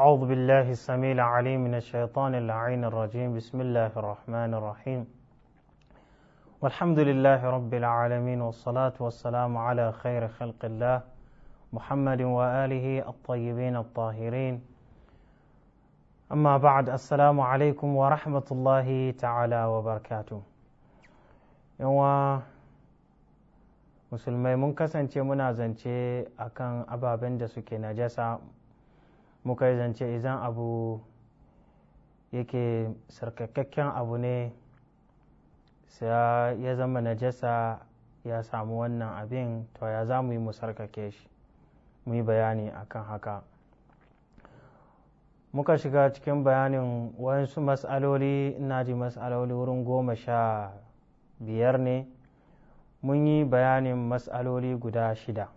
أعوذ بالله السميع العليم من الشيطان اللعين الرجيم بسم الله الرحمن الرحيم والحمد لله رب العالمين والصلاة والسلام على خير خلق الله محمد وآله الطيبين الطاهرين أما بعد السلام عليكم ورحمة الله تعالى وبركاته yawa مسلمي منكسن kasance muna zance akan ababen da muka yi zance idan abu yake sarkakakken abu ne sai ya zama najasa ya samu wannan abin to ya za mu yi mu sarkake shi mu yi bayani akan haka muka shiga cikin bayanin wasu matsaloli ina ji matsaloli wurin goma sha biyar ne mun yi bayanin matsaloli guda shida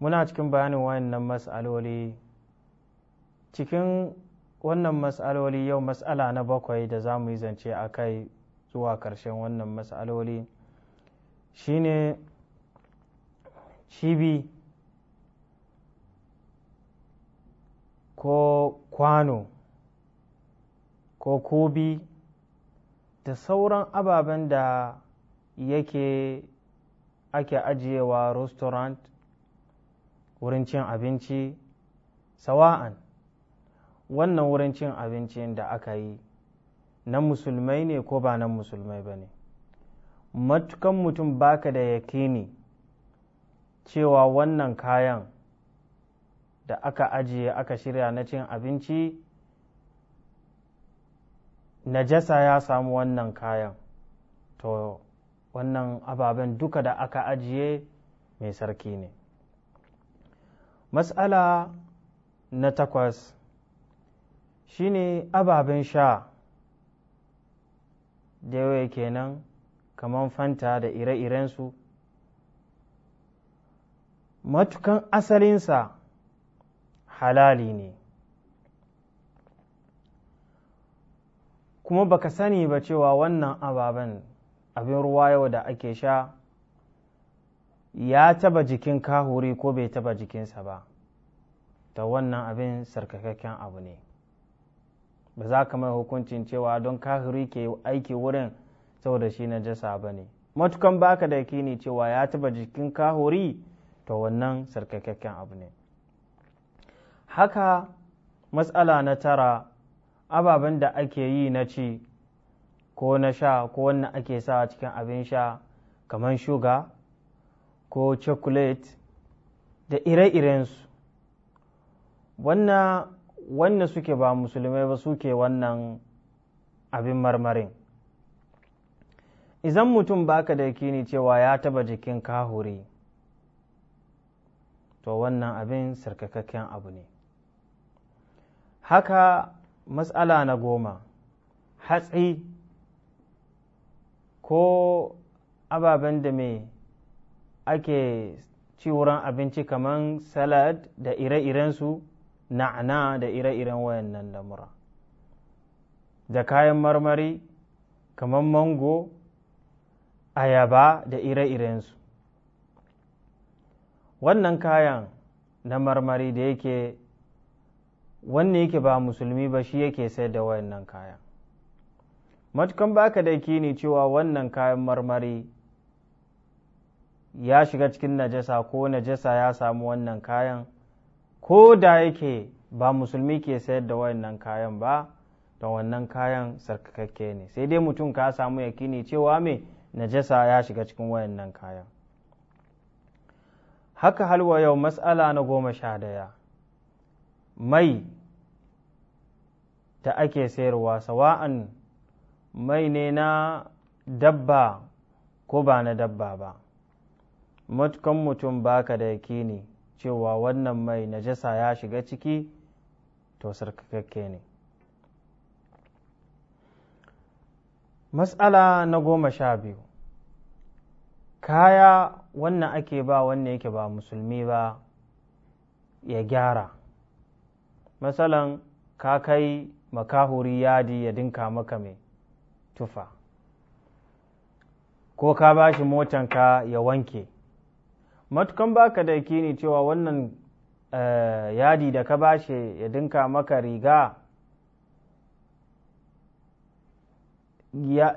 muna cikin bayanin wayannan matsaloli cikin wannan mas'aloli yau matsala na bakwai da za mu yi zance a kai zuwa ƙarshen wannan mas'aloli shine cibi ko kwano ko kobi da sauran ababen da yake ake ajiyewa restaurant wurin cin abinci sawa'an wannan wurin cin abincin da aka yi na musulmai ne ko ba na musulmai ba ne matukan mutum baka da yakini cewa wannan kayan da aka ajiye aka shirya na cin abinci najasa ya samu wannan kayan to wannan ababen duka da aka ajiye mai sarki ne matsala na takwas Shi ne ababen sha da yawa kenan kamar fanta da ire-irensu matukan asalinsa halali ne kuma baka sani ba cewa wannan ababen abin ruwa yau da ake sha ya taba jikin kahuri ko bai taba jikinsa ba ta wannan abin sarkakakken abu ne ba za ka mai hukuncin cewa don kahiri ke aiki wurin saboda shi na jasa ba ne matukan baka da yakini cewa ya taba jikin kahuri to wannan sarkakakken abu ne haka matsala na tara ababen da ake yi na ci ko na sha ko wannan ake sa cikin abin sha kamar shuga ko chocolate da ire-irensu wannan wanda suke ba musulmai ba suke wannan abin marmarin idan mutum baka da yakini cewa ya taba jikin kahuri to wannan abin sarkakakken abu ne haka matsala na goma hatsi ko ababen da mai ake ci wurin abinci kamar salad da ire-irensu Na'ana da ire-iren wayannan lamura da kayan marmari kamar mango ayaba da ire iren su. wannan kayan na marmari da yake wanne yake ba musulmi ba shi yake sayar da wayannan kayan matukan baka da kini cewa wannan kayan marmari ya shiga cikin najasa ko najasa ya samu wannan kayan ko da yake ba musulmi ke sayar da wayannan kayan ba da wannan kayan sarkakakke ne sai dai mutum ka samu yakini cewa me najasa ya shiga cikin wayannan kayan haka halwa yau matsala na goma sha daya mai ta ake sayarwa sawa'an mai ne na dabba ko ba na dabba ba matukan mutum baka da yakini cewa wannan mai najasa ya shiga ciki to sarkakakke ne matsala na goma sha biyu kaya wannan ake ba wannan yake ba musulmi ba ya gyara matsalan ka kai makahuri yadi ya dinka maka mai tufa ko ka ba shi motanka ya wanke matukan baka da yakini cewa wannan eh, yadi da ka bashi ya dinka maka riga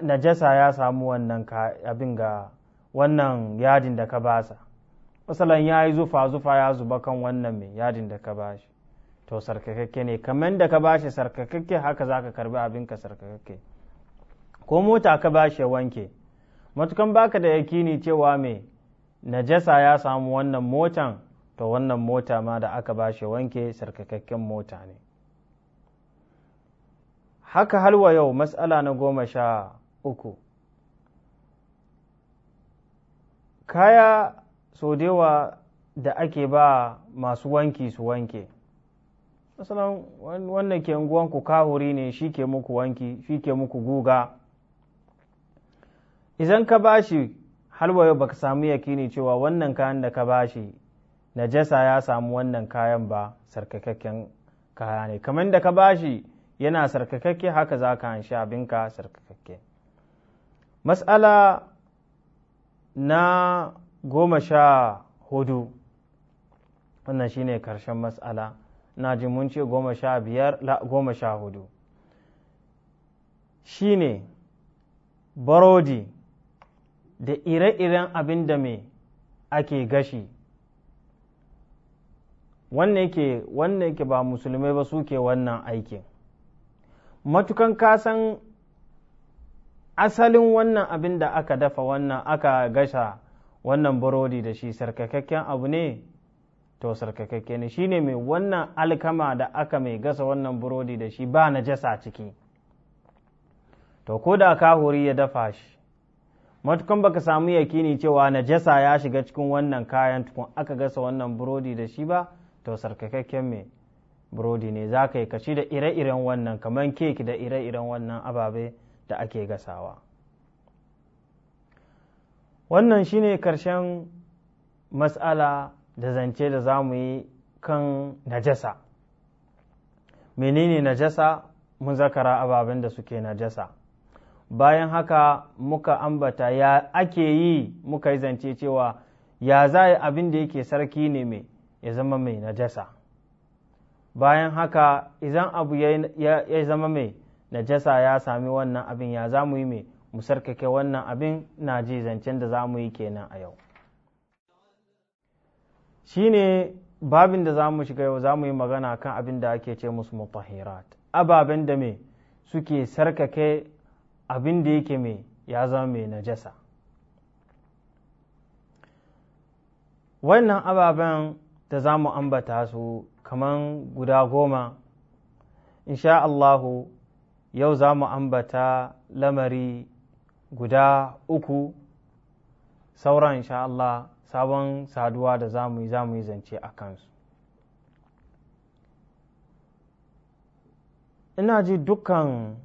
najasa ya samu wannan abin ga wannan yadin da ka basa matsalan ya yi zufa zufa ya zuba kan wannan mai yadin da ka bashi to sarkakakke ne kamar da ka bashi sarkakakke haka za ka karbi abinka sarkakakke ko mota ka bashi ya wanke matukan baka da yakini cewa mai najasa ya samu wannan motan to wannan mota ma da aka ba shi wanke sarkakakken mota ne haka halwa yau matsala na goma sha uku kaya so dewa da ake ba masu wanki su wanke masalan wannan ke unguwanku kahuri ne shi ke muku wanki shi ke muku guga idan ka ba shi halwa yau baka samu yakini cewa wannan kayan da ka bashi najasa ya samu wannan kayan ba sarkakakken kaya ne kamar da ka bashi yana sarkakakke haka za ka hanshi abinka sarkakakke matsala na goma sha hudu wannan shine karshen matsala na ji mun goma sha biyar goma sha hudu shine barodi da ire-iren abin da mai ake gashi wannan yake wannan yake ba musulmai ba suke wannan aikin matukan kasan asalin wannan abin da aka dafa wannan aka gasha wannan burodi da shi sarkakakken abu ne to sarkakakke ne shine mai wannan alkama da aka mai gasa wannan burodi da shi ba na jasa ciki to ko da kahuri ya dafa shi matukan baka samu yakini cewa najasa ya shiga cikin wannan kayan tukun aka gasa wannan burodi da shi ba to sarkakakken me burodi ne za ka yi kashi da ire-iren wannan kamar keki da ire-iren wannan ababe da ake gasawa wannan shine karshen matsala da zance da za mu yi kan najasa menene najasa mun zakara ababen da suke najasa bayan haka muka ambata ya ake yi muka yi zance cewa ya za abin da yake sarki ne mai ya zama mai najasa bayan haka idan abu ya zama mai najasa ya sami wannan abin ya za mu yi mai mu sarkake wannan abin na ji zancen da za mu yi kenan a yau shi ne babin da za mu shiga yau za mu yi magana kan abin da ake ce musu mutahirat ababen da me suke sarkake abin da yake mai ya zama mai najasa wannan ababen da za mu ambata su kaman guda goma insha Allahu yau za mu ambata lamari guda uku sauran insha Allah sabon saduwa da za mu yi za mu yi zance a kansu ina ji dukkan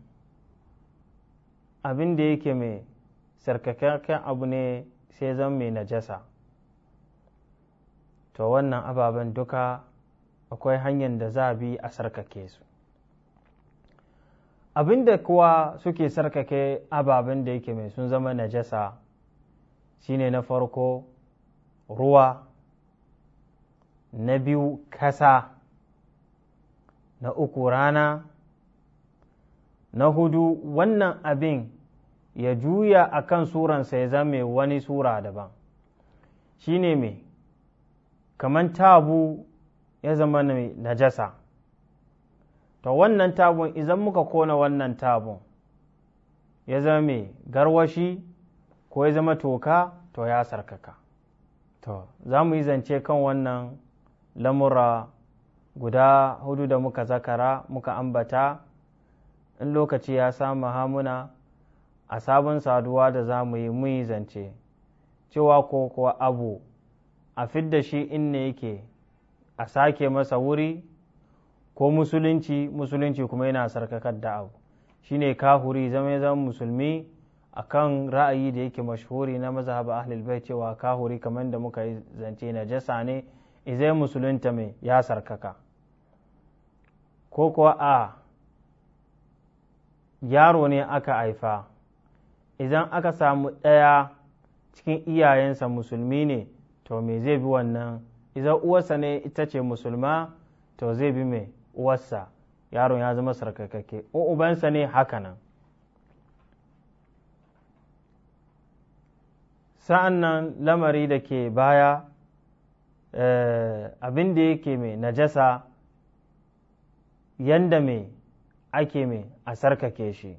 abin da yake mai sarkakakken abu ne sai zan mai najasa to wannan ababen duka akwai hanyar da za a bi a sarkake su abin da kuwa suke sarkake ababen da yake mai sun zama najasa shine na farko ruwa na biyu kasa na uku rana na hudu wannan abin ya juya a kan suransa ya zame wani sura daban shi ne mai kamar tabu ya zama mai najasa to wannan tabun idan muka kona wannan tabun ya zama mai garwashi ko ya zama toka to ya sarkaka to za mu yi zance kan wannan lamura guda hudu da muka zakara muka ambata in lokaci ya samu hamuna a sabon saduwa da za mu yi muyi zance cewa ko kuwa abu a fidda shi in inda yake a sake masa wuri ko musulunci musulunci kuma yana sarkakar da abu shine kahuri zama zama musulmi a kan ra'ayi da yake mashhuri na mazhab ahlul bai cewa kahuri kamar da muka yi zance na jasa ne izai musulunta mai ya sarkaka ko kuwa a yaro ne aka haifa idan aka samu ɗaya cikin iyayensa musulmi ne to me zai bi wannan idan uwarsa ne ita ce musulma to zai bi mai uwarsa yaron ya zama sarkakake ubansa ne haka nan sa'an nan lamari da ke baya eh, abin da yake mai najasa yanda mai ake mai a sarkake shi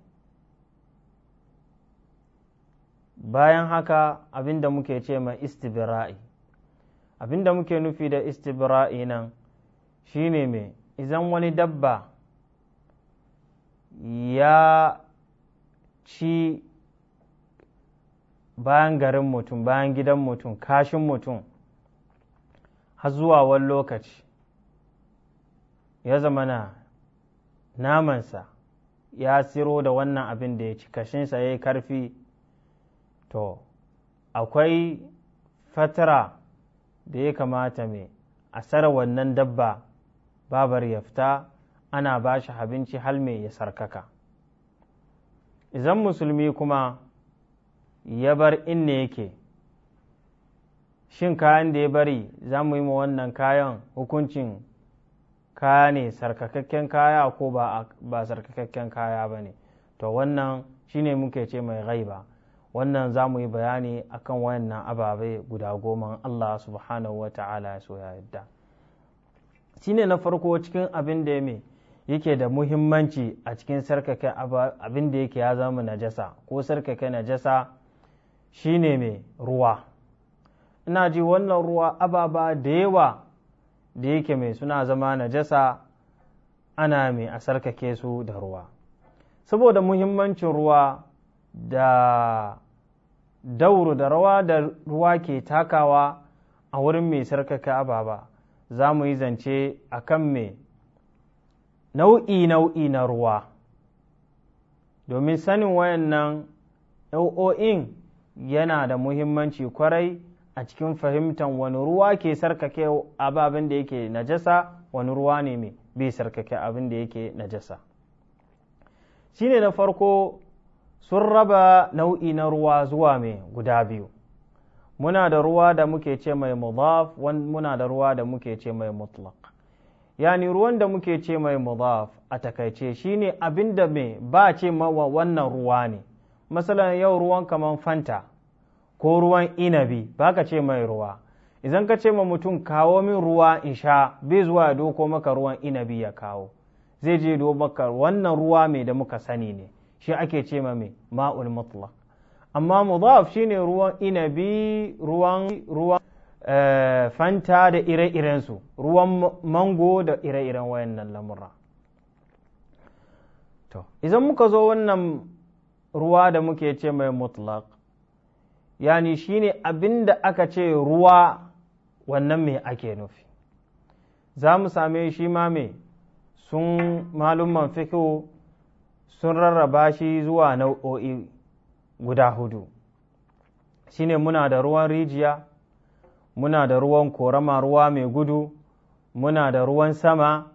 bayan haka abinda muke ce ma istibra'i abinda muke nufi da istibra'i nan shine mai izan wani dabba ya ci bayan garin mutum bayan gidan mutum kashin mutum har zuwa wani lokaci ya zama na namansa ya siro da wannan abin da ya ci kashinsa ya yi karfi to akwai fatara da ya kamata mai a tsara wannan dabba babar ya fita ana ba shi abinci halme ya sarkaka izan musulmi kuma ya bar inna yake shin kayan da ya bari za mu yi ma wannan kayan hukuncin kaya ne sarkakakken kaya ko ba sarkakakken kaya ba ne to wannan shine muke ce mai ba. wannan za mu yi bayani akan wayannan ababe guda goma Allah subhanahu wa ta'ala ya so ya yadda shine na farko cikin abin da ya yake da muhimmanci a cikin sarkake abin da yake ya zama najasa ko sarkake najasa shine mai ruwa ina ji wannan ruwa ababa da yawa da yake mai suna zama najasa ana mai a sarkake su da ruwa saboda muhimmancin ruwa da dauru da rawa da ruwa ke takawa a wurin mai sarkaka ababa za mu yi zance a kan mai nau'i nau'i na ruwa domin sanin wayannan nau'o'in yana da muhimmanci kwarai a cikin fahimtar wani ruwa ke sarkake ababen da yake najasa wani ruwa ne mai bai sarkake abin da yake najasa shine na farko sun raba nau'i na ruwa zuwa mai guda biyu muna da ruwa da muke ce mai mudaf muna da ruwa da muke ce mai mutlaq yani ruwan da muke ce mai mudaf a takaice shine abin da mai ba ce mawa wannan ruwa ne masalan yau ruwan kamar fanta ko ruwan inabi ba ka ce mai ruwa idan ka ce ma mutum kawo min ruwa in sha bai zuwa ya doko maka ruwan inabi ya kawo zai je do maka wannan ruwa mai da muka sani ne shi ake ce ma mai ma'ul mutlaq amma mudaf shine ruwan inabi ruwan ruwan eh, fanta da ire iren su ruwan mango da ire-iren wayannan lamura to idan muka zo wannan ruwa da muke ce mai mutlaq yani shine abin da aka ce ruwa wannan me ake nufi za mu same shi ma me sun malumman fiko sun rarraba shi zuwa nau'o'i guda hudu shine muna da ruwan rijiya muna da ruwan korama ruwa mai gudu muna da ruwan sama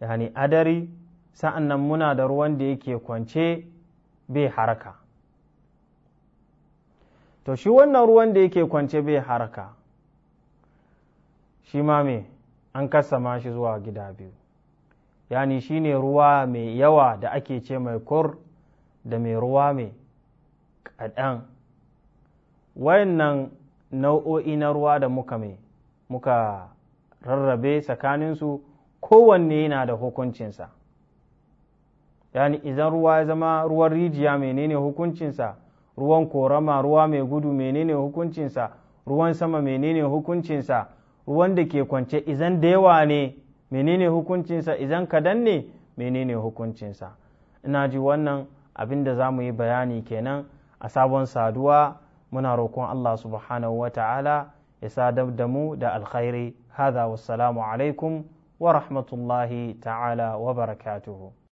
yani adari sa'an muna da ruwan da yake kwance bai haraka to shi wannan ruwan da yake kwance bai haraka shi ma me an kasama shi zuwa gida biyu yani shi ne ruwa mai yawa da ake ce mai kur da mai ruwa mai kaɗan wayannan nau'o'i na ruwa da muka mai muka rarrabe tsakaninsu kowanne yana da hukuncinsa yani idan ruwa ya zama ruwan rijiya menene hukuncinsa ruwan korama ruwa mai gudu menene hukuncinsa ruwan sama menene hukuncinsa ruwan da ke kwance izan da yawa ne menene hukuncinsa izan kadan ne menene hukuncinsa ina ji wannan abin da za mu yi bayani kenan a sabon saduwa muna roƙon Allah subhanahu wa ta'ala ya sadar da mu da alkhairi hada wassalamu alaikum wa rahmatullahi ta'ala wa barakatuhu